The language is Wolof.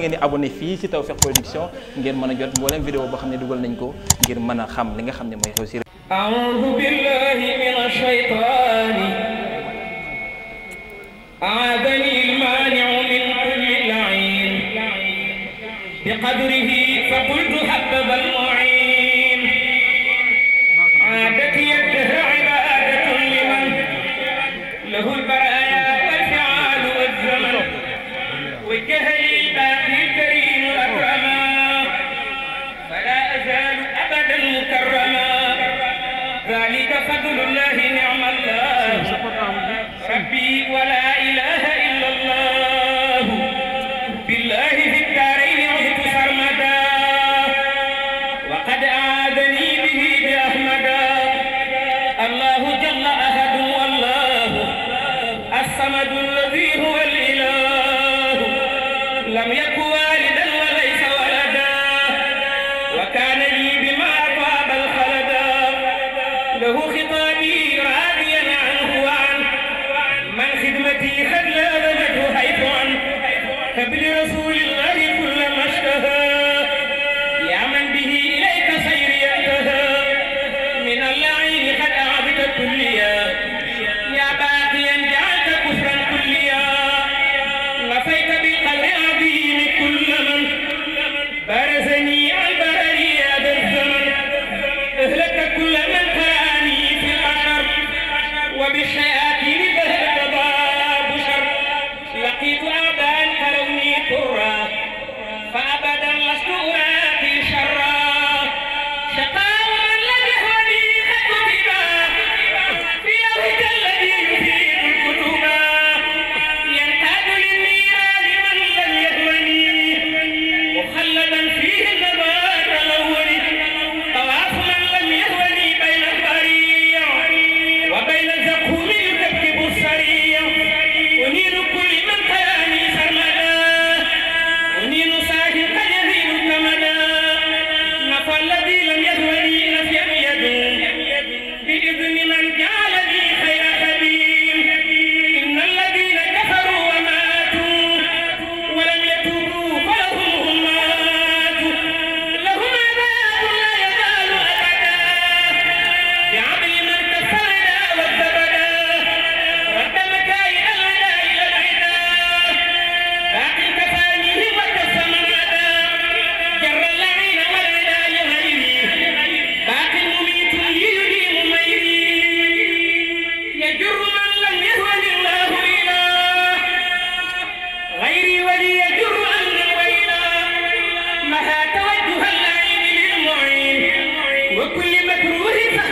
ngeen di abonné fii ci Tawfekh Production ngeen mën a jot mboolem vidéo boo xam ne dugal nañ ko ngir mën a xam li nga xam ne mooy xew ci أعوذ بالله من الشيطان أعاذني المانع من كل لعين بقدره فقلت حبب المعين عادت يده عبادة لمن له البرايا والفعال والزمن وجهت ذلك فضل الله نعم الله ربي ولا إله إلا الله بالله في الدارين عهد سرمدا وقد أعادني به بأحمدا الله جل أحد والله الصمد الذي هو الإله لم يكن والدا وليس ولدا وكان لي بما Happy New Year, لها توجه اللعين للمعين وكل مكروه فهو